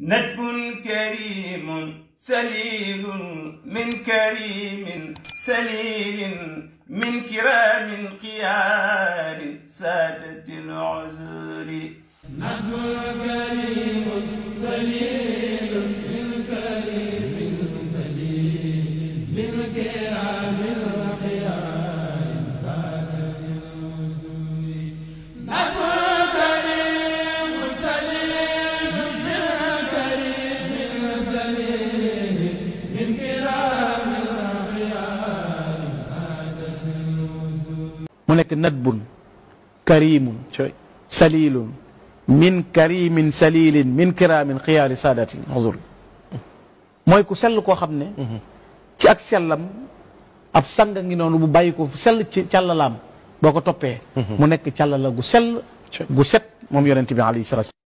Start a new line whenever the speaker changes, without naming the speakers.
ندب كريم سليل من كريم سليل من كرام قيار سادة العزور ندب
nekk nadbun karimun salilun min karimin salilin min kiraamin xiyaari saadatin mazul mooy ku sell koo xam ne mhm. ci ak sellam ab sang ngi noonu bu bàyyi ko sell ci càllalaam boo ko toppee mhm. mu nekk càllala gu sell gu set moom yonent bi alayhi salaatu